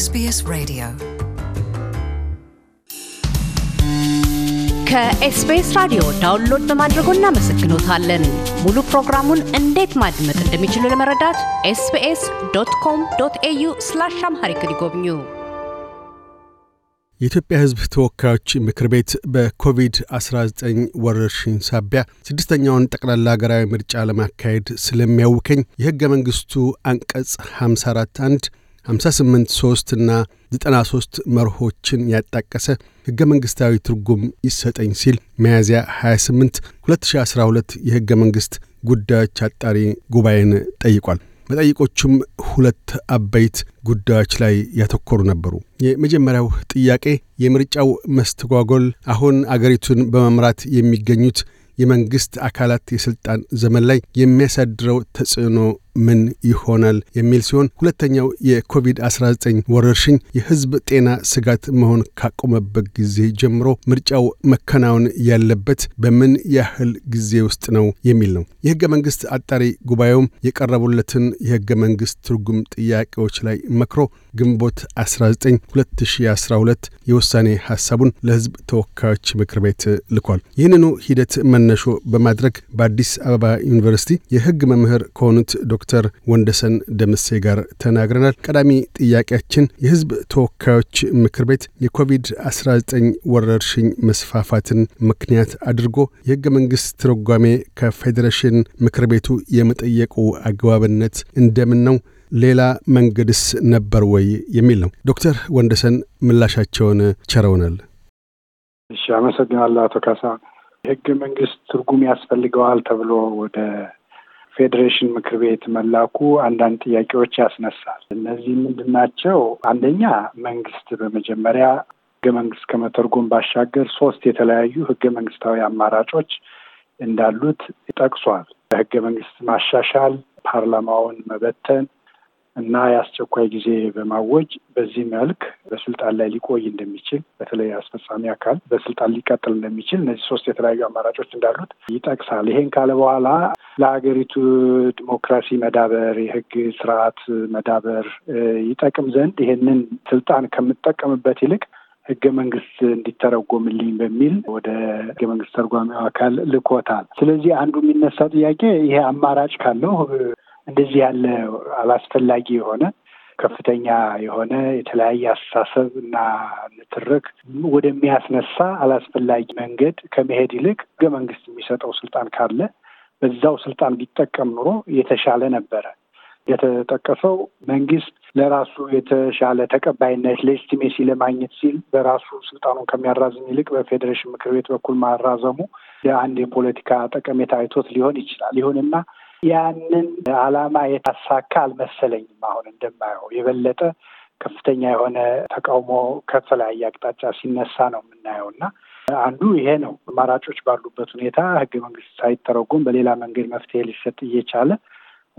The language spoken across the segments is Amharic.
ኤስቢኤስ ሬዲዮ ከኤስቢኤስ ራዲዮ ዳውንሎድ በማድረጎ እናመሰግኖታለን። ሙሉ ፕሮግራሙን እንዴት ማድመጥ እንደሚችሉ ለመረዳት ኤስቢኤስ ዶት ኮም ዶት ኤዩ ስላሽ አምሃሪክ ይጎብኙ። የኢትዮጵያ ሕዝብ ተወካዮች ምክር ቤት በኮቪድ-19 ወረርሽኝ ሳቢያ ስድስተኛውን ጠቅላላ ሀገራዊ ምርጫ ለማካሄድ ስለሚያውከኝ የሕገ መንግሥቱ አንቀጽ 54 1 58 3 እና 93 መርሆችን ያጣቀሰ ሕገ መንግሥታዊ ትርጉም ይሰጠኝ ሲል ሚያዝያ 28 2012 የሕገ መንግሥት ጉዳዮች አጣሪ ጉባኤን ጠይቋል። መጠይቆቹም ሁለት አበይት ጉዳዮች ላይ ያተኮሩ ነበሩ። የመጀመሪያው ጥያቄ የምርጫው መስተጓጎል አሁን አገሪቱን በመምራት የሚገኙት የመንግሥት አካላት የሥልጣን ዘመን ላይ የሚያሳድረው ተጽዕኖ ምን ይሆናል የሚል ሲሆን ሁለተኛው የኮቪድ-19 ወረርሽኝ የህዝብ ጤና ስጋት መሆን ካቆመበት ጊዜ ጀምሮ ምርጫው መከናወን ያለበት በምን ያህል ጊዜ ውስጥ ነው የሚል ነው። የህገ መንግስት አጣሪ ጉባኤውም የቀረቡለትን የህገ መንግስት ትርጉም ጥያቄዎች ላይ መክሮ ግንቦት 19 2012 የውሳኔ ሐሳቡን ለህዝብ ተወካዮች ምክር ቤት ልኳል። ይህንኑ ሂደት መነሾ በማድረግ በአዲስ አበባ ዩኒቨርሲቲ የህግ መምህር ከሆኑት ዶክተር ወንደሰን ደምሴ ጋር ተናግረናል። ቀዳሚ ጥያቄያችን የህዝብ ተወካዮች ምክር ቤት የኮቪድ-19 ወረርሽኝ መስፋፋትን ምክንያት አድርጎ የህገ መንግስት ትርጓሜ ከፌዴሬሽን ምክር ቤቱ የመጠየቁ አግባብነት እንደምን ነው? ሌላ መንገድስ ነበር ወይ የሚል ነው። ዶክተር ወንደሰን ምላሻቸውን ቸረውናል። እሺ፣ አመሰግናለሁ አቶ ካሳ። የህገ መንግስት ትርጉም ያስፈልገዋል ተብሎ ወደ ፌዴሬሽን ምክር ቤት መላኩ አንዳንድ ጥያቄዎች ያስነሳል። እነዚህ ምንድን ናቸው? አንደኛ መንግስት በመጀመሪያ ህገ መንግስት ከመተርጎም ባሻገር ሶስት የተለያዩ ህገ መንግስታዊ አማራጮች እንዳሉት ጠቅሷል። በህገ መንግስት ማሻሻል፣ ፓርላማውን መበተን እና የአስቸኳይ ጊዜ በማወጅ በዚህ መልክ በስልጣን ላይ ሊቆይ እንደሚችል በተለይ አስፈጻሚ አካል በስልጣን ሊቀጥል እንደሚችል እነዚህ ሶስት የተለያዩ አማራጮች እንዳሉት ይጠቅሳል። ይሄን ካለ በኋላ ለሀገሪቱ ዲሞክራሲ መዳበር፣ የህግ ስርዓት መዳበር ይጠቅም ዘንድ ይሄንን ስልጣን ከምጠቀምበት ይልቅ ህገ መንግስት እንዲተረጎምልኝ በሚል ወደ ህገ መንግስት ተርጓሚው አካል ልኮታል። ስለዚህ አንዱ የሚነሳ ጥያቄ ይሄ አማራጭ ካለው እንደዚህ ያለ አላስፈላጊ የሆነ ከፍተኛ የሆነ የተለያየ አስተሳሰብ እና ንትርክ ወደሚያስነሳ አላስፈላጊ መንገድ ከመሄድ ይልቅ ህገ መንግስት የሚሰጠው ስልጣን ካለ በዛው ስልጣን ቢጠቀም ኑሮ የተሻለ ነበረ። የተጠቀሰው መንግስት ለራሱ የተሻለ ተቀባይነት ሌጂቲሜሲ ለማግኘት ሲል በራሱ ስልጣኑን ከሚያራዝም ይልቅ በፌዴሬሽን ምክር ቤት በኩል ማራዘሙ የአንድ የፖለቲካ ጠቀሜታ አይቶት ሊሆን ይችላል። ይሁንና ያንን ዓላማ የታሳካ አልመሰለኝም። አሁን እንደማየው የበለጠ ከፍተኛ የሆነ ተቃውሞ ከተለያየ አቅጣጫ ሲነሳ ነው የምናየው እና አንዱ ይሄ ነው። አማራጮች ባሉበት ሁኔታ ህገ መንግስት ሳይተረጉም በሌላ መንገድ መፍትሄ ሊሰጥ እየቻለ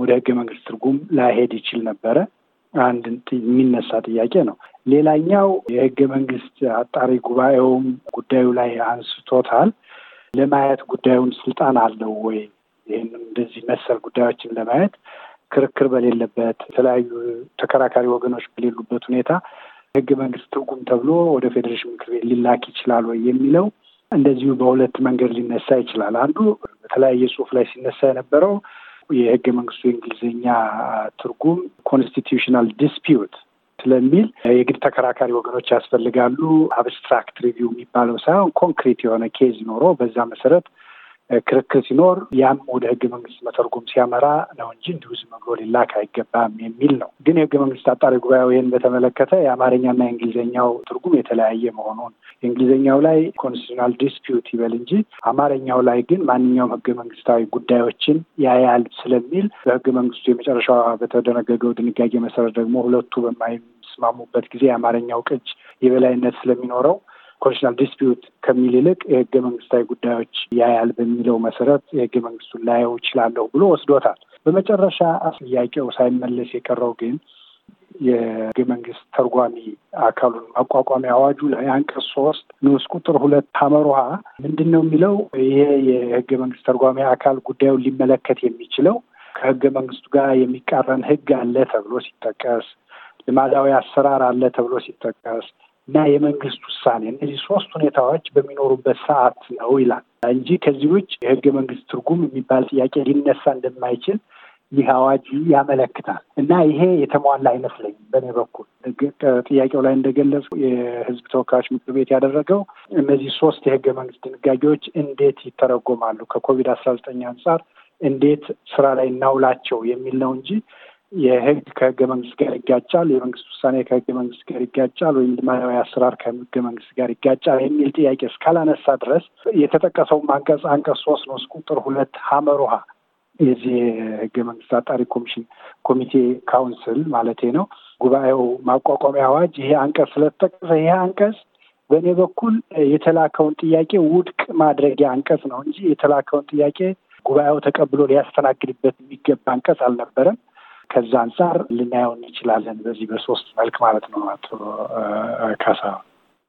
ወደ ህገ መንግስት ትርጉም ላይሄድ ይችል ነበረ። አንድ የሚነሳ ጥያቄ ነው። ሌላኛው የህገ መንግስት አጣሪ ጉባኤውም ጉዳዩ ላይ አንስቶታል። ለማየት ጉዳዩን ስልጣን አለው ወይ ይህንም እንደዚህ መሰል ጉዳዮችን ለማየት ክርክር በሌለበት የተለያዩ ተከራካሪ ወገኖች በሌሉበት ሁኔታ ህገ መንግስት ትርጉም ተብሎ ወደ ፌዴሬሽን ምክር ቤት ሊላክ ይችላል ወይ የሚለው እንደዚሁ በሁለት መንገድ ሊነሳ ይችላል። አንዱ በተለያየ ጽሁፍ ላይ ሲነሳ የነበረው የህገ መንግስቱ የእንግሊዝኛ ትርጉም ኮንስቲቲዩሽናል ዲስፒዩት ስለሚል የግድ ተከራካሪ ወገኖች ያስፈልጋሉ። አብስትራክት ሪቪው የሚባለው ሳይሆን ኮንክሪት የሆነ ኬዝ ኖሮ በዛ መሰረት ክርክር ሲኖር ያም ወደ ህገ መንግስት መተርጎም ሲያመራ ነው እንጂ እንዲሁ ዝም ብሎ ሊላክ አይገባም የሚል ነው። ግን የህገ መንግስት አጣሪ ጉባኤው ይህን በተመለከተ የአማርኛና የእንግሊዝኛው ትርጉም የተለያየ መሆኑን የእንግሊዝኛው ላይ ኮንስቲቱሽናል ዲስፒዩት ይበል እንጂ አማርኛው ላይ ግን ማንኛውም ህገ መንግስታዊ ጉዳዮችን ያያል ስለሚል በህገ መንግስቱ የመጨረሻ በተደነገገው ድንጋጌ መሰረት ደግሞ ሁለቱ በማይስማሙበት ጊዜ የአማርኛው ቅጅ የበላይነት ስለሚኖረው ኮንስቲቱሽናል ዲስፒዩት ከሚል ይልቅ የህገ መንግስታዊ ጉዳዮች ያያል በሚለው መሰረት የህገ መንግስቱን ላየው ይችላለሁ ብሎ ወስዶታል። በመጨረሻ ጥያቄው ሳይመለስ የቀረው ግን የህገ መንግስት ተርጓሚ አካሉን ማቋቋሚያ አዋጁ ላይ አንቀጽ ሶስት ንዑስ ቁጥር ሁለት ሀመሮሃ ምንድን ነው የሚለው? ይሄ የህገ መንግስት ተርጓሚ አካል ጉዳዩን ሊመለከት የሚችለው ከህገ መንግስቱ ጋር የሚቃረን ህግ አለ ተብሎ ሲጠቀስ፣ ልማዳዊ አሰራር አለ ተብሎ ሲጠቀስ፣ እና የመንግስት ውሳኔ እነዚህ ሶስት ሁኔታዎች በሚኖሩበት ሰዓት ነው ይላል እንጂ ከዚህ ውጭ የህገ መንግስት ትርጉም የሚባል ጥያቄ ሊነሳ እንደማይችል ይህ አዋጅ ያመለክታል እና ይሄ የተሟላ አይመስለኝም። በእኔ በኩል ጥያቄው ላይ እንደገለጹ የህዝብ ተወካዮች ምክር ቤት ያደረገው እነዚህ ሶስት የህገ መንግስት ድንጋጌዎች እንዴት ይተረጎማሉ ከኮቪድ አስራ ዘጠኝ አንጻር እንዴት ስራ ላይ እናውላቸው የሚል ነው እንጂ የህግ ከህገ መንግስት ጋር ይጋጫል፣ የመንግስት ውሳኔ ከህገ መንግስት ጋር ይጋጫል፣ ወይም ልማናዊ አሰራር ከህገ መንግስት ጋር ይጋጫል የሚል ጥያቄ እስካላነሳ ድረስ የተጠቀሰው አንቀጽ አንቀጽ ሶስት ንዑስ ቁጥር ሁለት ሀመር ውሃ የዚህ የህገ መንግስት አጣሪ ኮሚሽን ኮሚቴ ካውንስል ማለቴ ነው ጉባኤው ማቋቋሚያ አዋጅ ይሄ አንቀጽ ስለተጠቀሰ ይሄ አንቀጽ በእኔ በኩል የተላከውን ጥያቄ ውድቅ ማድረጊያ አንቀጽ ነው እንጂ የተላከውን ጥያቄ ጉባኤው ተቀብሎ ሊያስተናግድበት የሚገባ አንቀጽ አልነበረም። ከዛ አንጻር ልናየው እንችላለን። በዚህ በሶስት መልክ ማለት ነው። አቶ ካሳ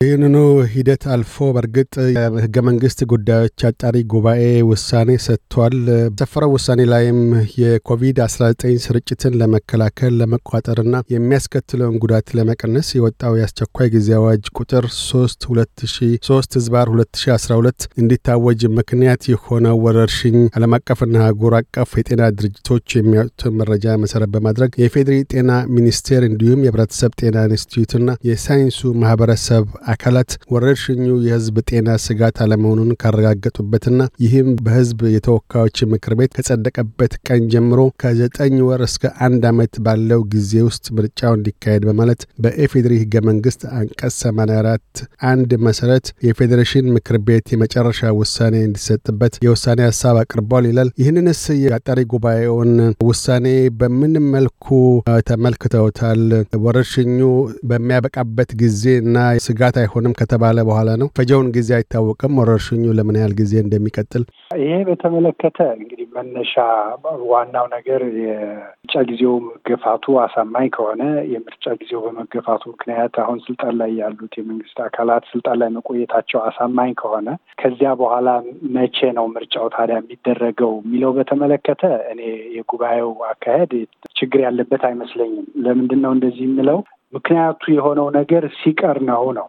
ይህንኑ ሂደት አልፎ በእርግጥ የህገ መንግስት ጉዳዮች አጣሪ ጉባኤ ውሳኔ ሰጥቷል። ሰፈረው ውሳኔ ላይም የኮቪድ-19 ስርጭትን ለመከላከል ለመቋጠርና የሚያስከትለውን ጉዳት ለመቀነስ የወጣው የአስቸኳይ ጊዜ አዋጅ ቁጥር 3 2003 ህዝባር 2012 እንዲታወጅ ምክንያት የሆነው ወረርሽኝ ዓለም አቀፍና አህጉር አቀፍ የጤና ድርጅቶች የሚያወጡትን መረጃ መሰረት በማድረግ የፌዴሪ ጤና ሚኒስቴር እንዲሁም የህብረተሰብ ጤና ኢንስቲትዩትና የሳይንሱ ማህበረሰብ አካላት ወረርሽኙ የህዝብ ጤና ስጋት አለመሆኑን ካረጋገጡበትና ይህም በህዝብ የተወካዮች ምክር ቤት ከጸደቀበት ቀን ጀምሮ ከዘጠኝ ወር እስከ አንድ ዓመት ባለው ጊዜ ውስጥ ምርጫው እንዲካሄድ በማለት በኤፌድሪ ህገ መንግስት አንቀጽ 84 አንድ መሰረት የፌዴሬሽን ምክር ቤት የመጨረሻ ውሳኔ እንዲሰጥበት የውሳኔ ሀሳብ አቅርቧል ይላል። ይህንንስ የአጣሪ ጉባኤውን ውሳኔ በምን መልኩ ተመልክተውታል? ወረርሽኙ በሚያበቃበት ጊዜ እና ስጋት አይሆንም ከተባለ በኋላ ነው። ፈጀውን ጊዜ አይታወቅም። ወረርሽኙ ለምን ያህል ጊዜ እንደሚቀጥል ይሄ በተመለከተ እንግዲህ መነሻ ዋናው ነገር የምርጫ ጊዜው መገፋቱ አሳማኝ ከሆነ የምርጫ ጊዜው በመገፋቱ ምክንያት አሁን ስልጣን ላይ ያሉት የመንግስት አካላት ስልጣን ላይ መቆየታቸው አሳማኝ ከሆነ ከዚያ በኋላ መቼ ነው ምርጫው ታዲያ የሚደረገው የሚለው በተመለከተ እኔ የጉባኤው አካሄድ ችግር ያለበት አይመስለኝም። ለምንድን ነው እንደዚህ የምለው? ምክንያቱ የሆነው ነገር ሲቀር ነው ነው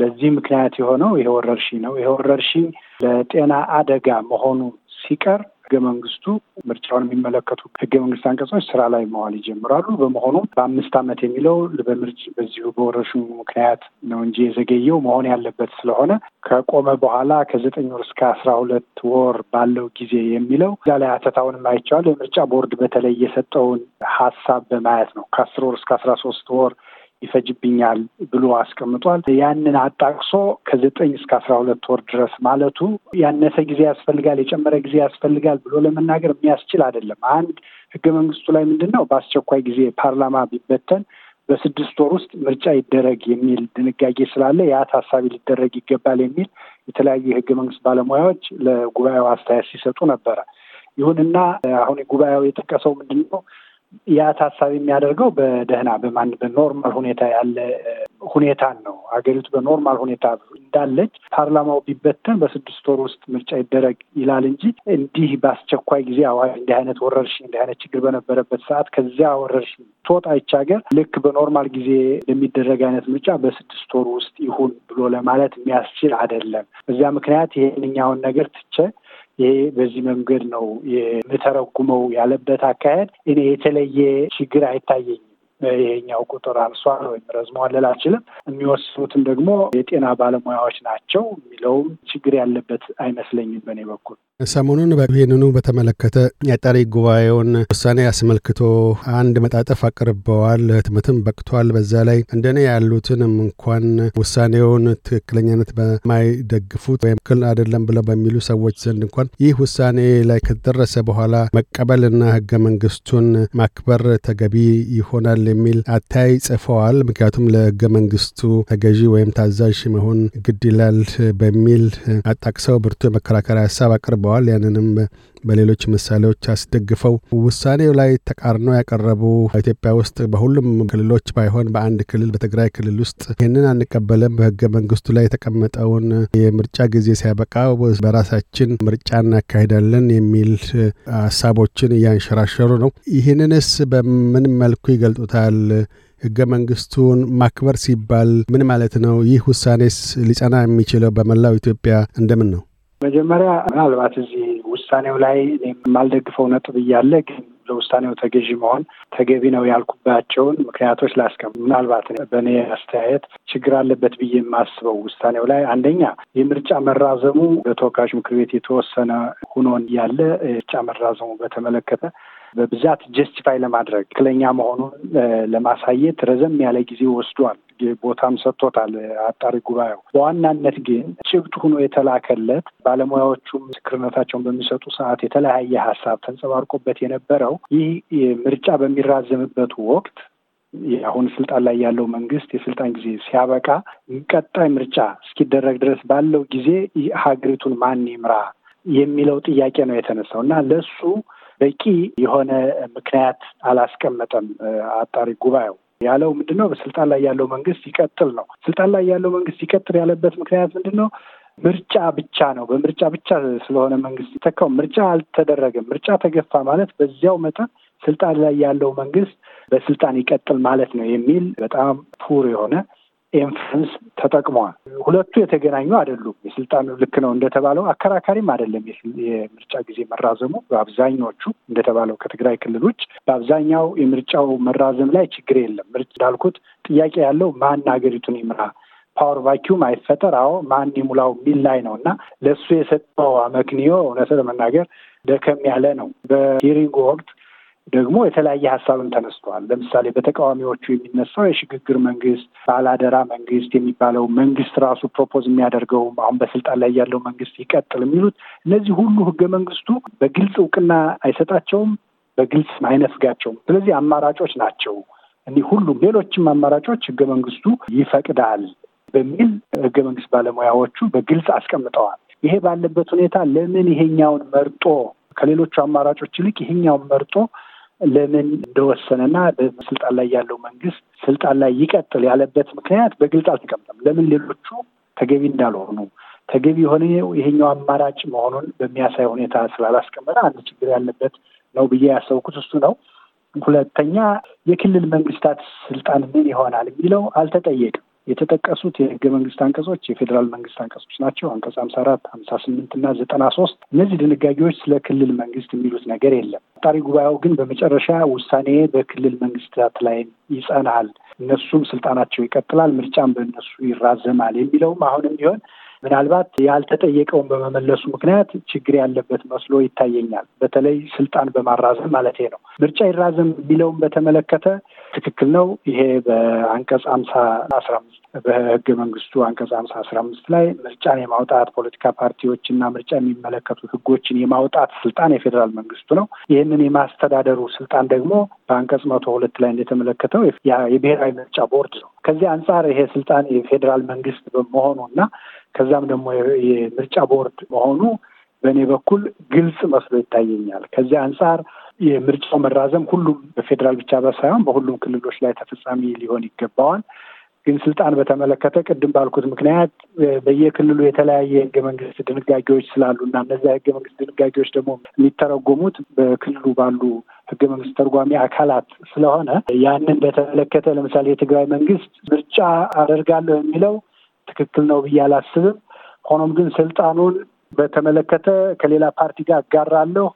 ለዚህ ምክንያት የሆነው ይሄ ወረርሽኝ ነው። ይሄ ወረርሽኝ ለጤና አደጋ መሆኑ ሲቀር ህገ መንግስቱ ምርጫውን የሚመለከቱ ህገ መንግስት አንቀጾች ስራ ላይ መዋል ይጀምራሉ። በመሆኑም በአምስት ዓመት የሚለው በምርጭ በዚሁ በወረርሽኙ ምክንያት ነው እንጂ የዘገየው መሆን ያለበት ስለሆነ ከቆመ በኋላ ከዘጠኝ ወር እስከ አስራ ሁለት ወር ባለው ጊዜ የሚለው እዛ ላይ አተታውን ማይቻዋል የምርጫ ቦርድ በተለይ የሰጠውን ሀሳብ በማየት ነው ከአስር ወር እስከ አስራ ሶስት ወር ይፈጅብኛል ብሎ አስቀምጧል። ያንን አጣቅሶ ከዘጠኝ እስከ አስራ ሁለት ወር ድረስ ማለቱ ያነሰ ጊዜ ያስፈልጋል፣ የጨመረ ጊዜ ያስፈልጋል ብሎ ለመናገር የሚያስችል አይደለም። አንድ ህገ መንግስቱ ላይ ምንድን ነው በአስቸኳይ ጊዜ ፓርላማ ቢበተን በስድስት ወር ውስጥ ምርጫ ይደረግ የሚል ድንጋጌ ስላለ ያ ታሳቢ ሊደረግ ይገባል የሚል የተለያዩ የህገ መንግስት ባለሙያዎች ለጉባኤው አስተያየት ሲሰጡ ነበረ። ይሁንና አሁን ጉባኤው የጠቀሰው ምንድን ነው ያ ታሳቢ የሚያደርገው በደህና በማን በኖርማል ሁኔታ ያለ ሁኔታን ነው። ሀገሪቱ በኖርማል ሁኔታ እንዳለች ፓርላማው ቢበተን በስድስት ወር ውስጥ ምርጫ ይደረግ ይላል እንጂ እንዲህ በአስቸኳይ ጊዜ አዋጅ እንዲህ አይነት ወረርሽኝ እንዲህ አይነት ችግር በነበረበት ሰዓት ከዚያ ወረርሽኝ ትወጣ ይች ሀገር ልክ በኖርማል ጊዜ የሚደረግ አይነት ምርጫ በስድስት ወር ውስጥ ይሁን ብሎ ለማለት የሚያስችል አይደለም። በዚያ ምክንያት ይሄንኛውን ነገር ትቼ ይሄ በዚህ መንገድ ነው የምተረጉመው ያለበት አካሄድ እኔ የተለየ ችግር አይታየኝም። ይሄኛው ቁጥር አልሷል ወይም ረዝሟል ልል አልችልም። የሚወስኑትም ደግሞ የጤና ባለሙያዎች ናቸው የሚለውም ችግር ያለበት አይመስለኝም በእኔ በኩል። ሰሞኑን ይህንኑ በተመለከተ የጠሪ ጉባኤውን ውሳኔ አስመልክቶ አንድ መጣጠፍ አቅርበዋል። ህትመትም በቅቷል። በዛ ላይ እንደኔ ያሉትንም እንኳን ውሳኔውን ትክክለኛነት በማይደግፉት ወይም ክል አይደለም ብለው በሚሉ ሰዎች ዘንድ እንኳን ይህ ውሳኔ ላይ ከተደረሰ በኋላ መቀበልና ህገ መንግስቱን ማክበር ተገቢ ይሆናል የሚል አታይ ጽፈዋል። ምክንያቱም ለህገ መንግስቱ ተገዢ ወይም ታዛዥ መሆን ግድ ይላል በሚል አጣቅሰው ብርቱ የመከራከሪያ ሀሳብ አቅርበዋል። ያንንም በሌሎች ምሳሌዎች አስደግፈው ውሳኔው ላይ ተቃርኖ ያቀረቡ ኢትዮጵያ ውስጥ በሁሉም ክልሎች ባይሆን በአንድ ክልል በትግራይ ክልል ውስጥ ይህንን አንቀበለም፣ በህገ መንግስቱ ላይ የተቀመጠውን የምርጫ ጊዜ ሲያበቃ በራሳችን ምርጫ እናካሄዳለን የሚል ሀሳቦችን እያንሸራሸሩ ነው። ይህንንስ በምን መልኩ ይገልጡታል? ህገ መንግስቱን ማክበር ሲባል ምን ማለት ነው? ይህ ውሳኔስ ሊጸና የሚችለው በመላው ኢትዮጵያ እንደምን ነው? መጀመሪያ ምናልባት እዚህ ውሳኔው ላይ የማልደግፈው ነጥብ እያለ ግን ለውሳኔው ተገዢ መሆን ተገቢ ነው ያልኩባቸውን ምክንያቶች ላስቀምጥ። ምናልባት በእኔ አስተያየት ችግር አለበት ብዬ የማስበው ውሳኔው ላይ አንደኛ የምርጫ መራዘሙ በተወካዮች ምክር ቤት የተወሰነ ሁኖን እያለ የምርጫ መራዘሙ በተመለከተ በብዛት ጀስቲፋይ ለማድረግ ትክክለኛ መሆኑን ለማሳየት ረዘም ያለ ጊዜ ወስዷል። ቦታም ሰጥቶታል አጣሪ ጉባኤው። በዋናነት ግን ጭብጥ ሆኖ የተላከለት ባለሙያዎቹም ምስክርነታቸውን በሚሰጡ ሰዓት የተለያየ ሀሳብ ተንጸባርቆበት የነበረው ይህ ምርጫ በሚራዘምበት ወቅት አሁን ስልጣን ላይ ያለው መንግስት የስልጣን ጊዜ ሲያበቃ ቀጣይ ምርጫ እስኪደረግ ድረስ ባለው ጊዜ ሀገሪቱን ማን ይምራ የሚለው ጥያቄ ነው የተነሳው እና ለሱ በቂ የሆነ ምክንያት አላስቀመጠም አጣሪ ጉባኤው። ያለው ምንድን ነው? በስልጣን ላይ ያለው መንግስት ይቀጥል ነው። ስልጣን ላይ ያለው መንግስት ይቀጥል ያለበት ምክንያት ምንድን ነው? ምርጫ ብቻ ነው። በምርጫ ብቻ ስለሆነ መንግስት ይተካው። ምርጫ አልተደረገም። ምርጫ ተገፋ ማለት በዚያው መጠን ስልጣን ላይ ያለው መንግስት በስልጣን ይቀጥል ማለት ነው የሚል በጣም ፑር የሆነ ኢንፍሉንስ ተጠቅሟል። ሁለቱ የተገናኙ አይደሉም። የስልጣኑ ልክ ነው እንደተባለው አከራካሪም አይደለም። የምርጫ ጊዜ መራዘሙ በአብዛኞቹ እንደተባለው ከትግራይ ክልል ውጭ በአብዛኛው የምርጫው መራዘም ላይ ችግር የለም። ምርጫ እንዳልኩት ጥያቄ ያለው ማን ሀገሪቱን ይምራ፣ ፓወር ቫኪዩም አይፈጠር፣ አዎ ማን ይሙላው ሚል ላይ ነው እና ለእሱ የሰጠው አመክንዮ እውነት ለመናገር ደከም ያለ ነው። በሂሪንግ ወቅት ደግሞ የተለያየ ሀሳብም ተነስተዋል። ለምሳሌ በተቃዋሚዎቹ የሚነሳው የሽግግር መንግስት፣ ባላደራ መንግስት የሚባለው መንግስት ራሱ ፕሮፖዝ የሚያደርገው አሁን በስልጣን ላይ ያለው መንግስት ይቀጥል የሚሉት እነዚህ ሁሉ ህገ መንግስቱ በግልጽ እውቅና አይሰጣቸውም፣ በግልጽ አይነፍጋቸውም። ስለዚህ አማራጮች ናቸው። እኒህ ሁሉም ሌሎችም አማራጮች ህገ መንግስቱ ይፈቅዳል በሚል ህገ መንግስት ባለሙያዎቹ በግልጽ አስቀምጠዋል። ይሄ ባለበት ሁኔታ ለምን ይሄኛውን መርጦ ከሌሎቹ አማራጮች ይልቅ ይሄኛውን መርጦ ለምን እንደወሰነና በስልጣን ላይ ያለው መንግስት ስልጣን ላይ ይቀጥል ያለበት ምክንያት በግልጽ አልተቀምጠም። ለምን ሌሎቹ ተገቢ እንዳልሆኑ ተገቢ የሆነ ይሄኛው አማራጭ መሆኑን በሚያሳይ ሁኔታ ስላላስቀመጠ አንድ ችግር ያለበት ነው ብዬ ያሰብኩት እሱ ነው። ሁለተኛ የክልል መንግስታት ስልጣን ምን ይሆናል የሚለው አልተጠየቅም። የተጠቀሱት የህገ መንግስት አንቀጾች የፌዴራል መንግስት አንቀጾች ናቸው። አንቀጽ ሀምሳ አራት ሀምሳ ስምንት እና ዘጠና ሶስት እነዚህ ድንጋጌዎች ስለ ክልል መንግስት የሚሉት ነገር የለም። አጣሪ ጉባኤው ግን በመጨረሻ ውሳኔ በክልል መንግስታት ላይ ይጸናል፣ እነሱም ስልጣናቸው ይቀጥላል፣ ምርጫም በእነሱ ይራዘማል የሚለውም አሁንም ቢሆን ምናልባት ያልተጠየቀውን በመመለሱ ምክንያት ችግር ያለበት መስሎ ይታየኛል። በተለይ ስልጣን በማራዘም ማለት ነው። ምርጫ ይራዘም የሚለውን በተመለከተ ትክክል ነው። ይሄ በአንቀጽ አምሳ አስራ አምስት በህገ መንግስቱ አንቀጽ አምሳ አስራ አምስት ላይ ምርጫን የማውጣት ፖለቲካ እና ምርጫ የሚመለከቱ ህጎችን የማውጣት ስልጣን የፌዴራል መንግስቱ ነው። ይህንን የማስተዳደሩ ስልጣን ደግሞ በአንቀጽ መቶ ሁለት ላይ እንደተመለከተው የብሔራዊ ምርጫ ቦርድ ነው። ከዚህ አንጻር ይሄ ስልጣን የፌዴራል መንግስት በመሆኑ እና ከዛም ደግሞ የምርጫ ቦርድ መሆኑ በእኔ በኩል ግልጽ መስሎ ይታየኛል። ከዚህ አንጻር የምርጫው መራዘም ሁሉም በፌዴራል ብቻ ሳይሆን በሁሉም ክልሎች ላይ ተፈጻሚ ሊሆን ይገባዋል። ግን ስልጣን በተመለከተ ቅድም ባልኩት ምክንያት በየክልሉ የተለያየ የህገ መንግስት ድንጋጌዎች ስላሉ እና እነዚያ ህገ መንግስት ድንጋጌዎች ደግሞ የሚተረጎሙት በክልሉ ባሉ ህገ መንግስት ተርጓሚ አካላት ስለሆነ ያንን በተመለከተ ለምሳሌ የትግራይ መንግስት ምርጫ አደርጋለሁ የሚለው ትክክል ነው ብዬ አላስብም። ሆኖም ግን ስልጣኑን በተመለከተ ከሌላ ፓርቲ ጋር አጋራለሁ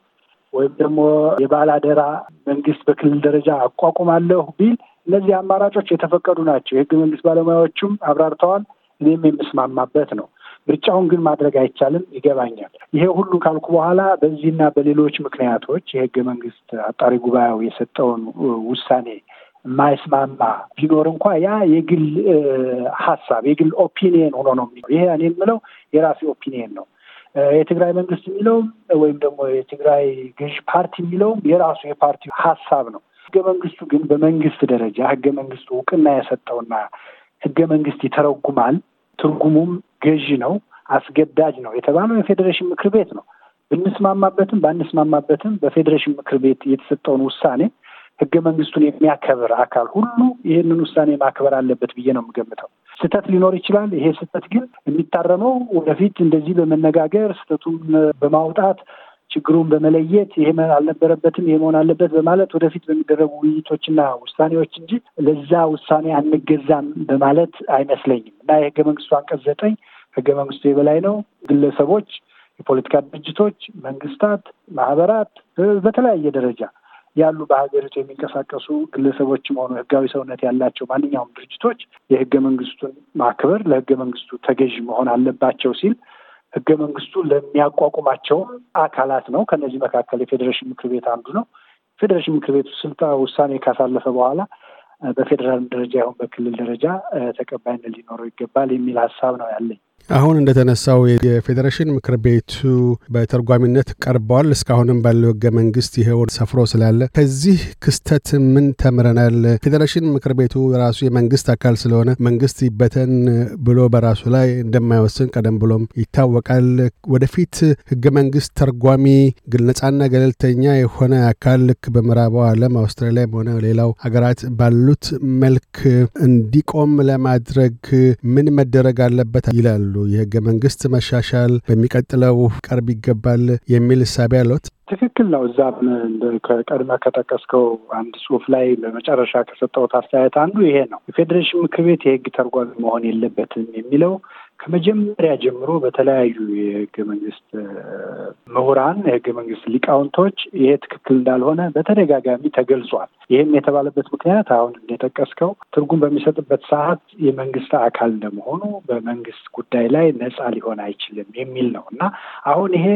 ወይም ደግሞ የባለ አደራ መንግስት በክልል ደረጃ አቋቁማለሁ ቢል እነዚህ አማራጮች የተፈቀዱ ናቸው። የህገ መንግስት ባለሙያዎቹም አብራርተዋል። እኔም የምስማማበት ነው። ምርጫውን ግን ማድረግ አይቻልም፣ ይገባኛል። ይሄ ሁሉ ካልኩ በኋላ በዚህና በሌሎች ምክንያቶች የህገ መንግስት አጣሪ ጉባኤው የሰጠውን ውሳኔ የማይስማማ ቢኖር እንኳ ያ የግል ሀሳብ የግል ኦፒኒየን ሆኖ ነው። ይሄ እኔ የምለው የራሴ ኦፒኒየን ነው። የትግራይ መንግስት የሚለውም ወይም ደግሞ የትግራይ ገዥ ፓርቲ የሚለውም የራሱ የፓርቲ ሀሳብ ነው። ህገ መንግስቱ ግን በመንግስት ደረጃ ህገ መንግስቱ እውቅና የሰጠውና ህገ መንግስት ይተረጉማል። ትርጉሙም ገዢ ነው፣ አስገዳጅ ነው የተባለው የፌዴሬሽን ምክር ቤት ነው። ብንስማማበትም ባንስማማበትም በፌዴሬሽን ምክር ቤት የተሰጠውን ውሳኔ ህገ መንግስቱን የሚያከብር አካል ሁሉ ይህንን ውሳኔ ማክበር አለበት ብዬ ነው የምገምተው። ስህተት ሊኖር ይችላል። ይሄ ስህተት ግን የሚታረመው ወደፊት እንደዚህ በመነጋገር ስህተቱን በማውጣት ችግሩን በመለየት ይሄ አልነበረበትም፣ ይሄ መሆን አለበት በማለት ወደፊት በሚደረጉ ውይይቶችና ውሳኔዎች እንጂ ለዛ ውሳኔ አንገዛም በማለት አይመስለኝም እና የህገ መንግስቱ አንቀጽ ዘጠኝ ህገ መንግስቱ የበላይ ነው። ግለሰቦች፣ የፖለቲካ ድርጅቶች፣ መንግስታት፣ ማህበራት በተለያየ ደረጃ ያሉ በሀገሪቱ የሚንቀሳቀሱ ግለሰቦችም ሆኑ ህጋዊ ሰውነት ያላቸው ማንኛውም ድርጅቶች የህገ መንግስቱን ማክበር ለህገ መንግስቱ ተገዥ መሆን አለባቸው ሲል ህገ መንግስቱ ለሚያቋቁማቸው አካላት ነው። ከነዚህ መካከል የፌዴሬሽን ምክር ቤት አንዱ ነው። ፌዴሬሽን ምክር ቤቱ ስልጣ ውሳኔ ካሳለፈ በኋላ በፌዴራል ደረጃ ይሁን በክልል ደረጃ ተቀባይነት ሊኖረው ይገባል የሚል ሀሳብ ነው ያለኝ። አሁን እንደተነሳው የፌዴሬሽን ምክር ቤቱ በተርጓሚነት ቀርበዋል። እስካሁንም ባለው ህገ መንግስት ይኸውን ሰፍሮ ስላለ ከዚህ ክስተት ምን ተምረናል? ፌዴሬሽን ምክር ቤቱ ራሱ የመንግስት አካል ስለሆነ መንግስት ይበተን ብሎ በራሱ ላይ እንደማይወስን ቀደም ብሎም ይታወቃል። ወደፊት ህገ መንግስት ተርጓሚ ነጻና ገለልተኛ የሆነ አካል ልክ በምዕራቡ ዓለም አውስትራሊያም ሆነ ሌላው ሀገራት ባሉት መልክ እንዲቆም ለማድረግ ምን መደረግ አለበት ይላሉ? የህገ መንግስት መሻሻል በሚቀጥለው ቀርብ ይገባል የሚል እሳቤ አለት? ትክክል ነው። እዛም ከቀድመ ከጠቀስከው አንድ ጽሁፍ ላይ በመጨረሻ ከሰጠሁት አስተያየት አንዱ ይሄ ነው። የፌዴሬሽን ምክር ቤት የህግ ተርጓሚ መሆን የለበትም የሚለው ከመጀመሪያ ጀምሮ በተለያዩ የህገ መንግስት ምሁራን፣ የህገ መንግስት ሊቃውንቶች ይሄ ትክክል እንዳልሆነ በተደጋጋሚ ተገልጿል። ይህም የተባለበት ምክንያት አሁን እንደጠቀስከው ትርጉም በሚሰጥበት ሰዓት የመንግስት አካል እንደመሆኑ በመንግስት ጉዳይ ላይ ነፃ ሊሆን አይችልም የሚል ነው እና አሁን ይሄ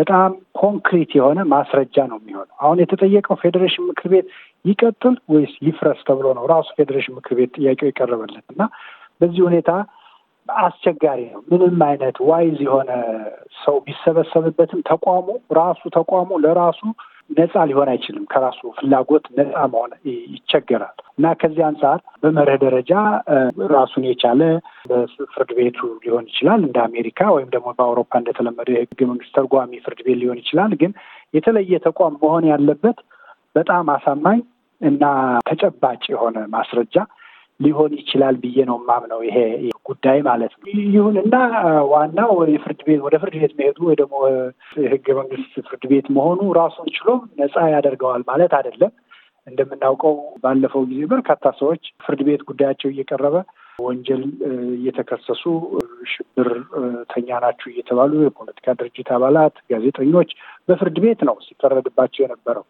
በጣም ኮንክሪት የሆነ ማስረጃ ነው የሚሆነው። አሁን የተጠየቀው ፌዴሬሽን ምክር ቤት ይቀጥል ወይስ ይፍረስ ተብሎ ነው ራሱ ፌዴሬሽን ምክር ቤት ጥያቄው የቀረበለት እና በዚህ ሁኔታ አስቸጋሪ ነው። ምንም አይነት ዋይዝ የሆነ ሰው ቢሰበሰብበትም ተቋሙ ራሱ ተቋሙ ለራሱ ነፃ ሊሆን አይችልም። ከራሱ ፍላጎት ነፃ መሆን ይቸገራል እና ከዚህ አንጻር በመርህ ደረጃ ራሱን የቻለ በፍርድ ቤቱ ሊሆን ይችላል እንደ አሜሪካ ወይም ደግሞ በአውሮፓ እንደተለመደ የህገ መንግስት ተርጓሚ ፍርድ ቤት ሊሆን ይችላል። ግን የተለየ ተቋም መሆን ያለበት በጣም አሳማኝ እና ተጨባጭ የሆነ ማስረጃ ሊሆን ይችላል ብዬ ነው የማምነው ይሄ ጉዳይ ማለት ነው። ይሁንና ዋናው የፍርድ ቤት ወደ ፍርድ ቤት መሄዱ ወይ ደግሞ የህገ መንግስት ፍርድ ቤት መሆኑ ራሱን ችሎም ነፃ ያደርገዋል ማለት አይደለም። እንደምናውቀው ባለፈው ጊዜ በርካታ ሰዎች ፍርድ ቤት ጉዳያቸው እየቀረበ ወንጀል እየተከሰሱ ተኛ ናችሁ እየተባሉ የፖለቲካ ድርጅት አባላት፣ ጋዜጠኞች በፍርድ ቤት ነው ሲፈረድባቸው የነበረው።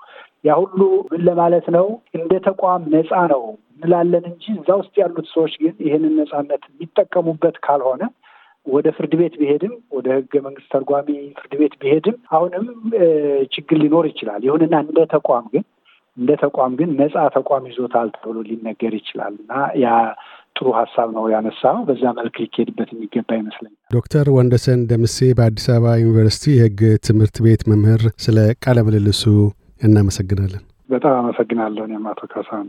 ያ ሁሉ ምን ለማለት ነው? እንደ ተቋም ነፃ ነው እንላለን እንጂ እዛ ውስጥ ያሉት ሰዎች ግን ይህንን ነጻነት የሚጠቀሙበት ካልሆነ ወደ ፍርድ ቤት ቢሄድም ወደ ህገ መንግስት ተርጓሚ ፍርድ ቤት ቢሄድም አሁንም ችግር ሊኖር ይችላል። ይሁንና እንደ ተቋም ግን እንደ ተቋም ግን ነጻ ተቋም ይዞታል ተብሎ ሊነገር ይችላል እና ያ ጥሩ ሀሳብ ነው ያነሳው። በዛ መልክ ሊካሄድበት የሚገባ ይመስለኛል። ዶክተር ወንደሰን ደምሴ በአዲስ አበባ ዩኒቨርሲቲ የህግ ትምህርት ቤት መምህር፣ ስለ ቃለ ምልልሱ እናመሰግናለን። በጣም አመሰግናለሁ። እኔም አቶ ካሳሁን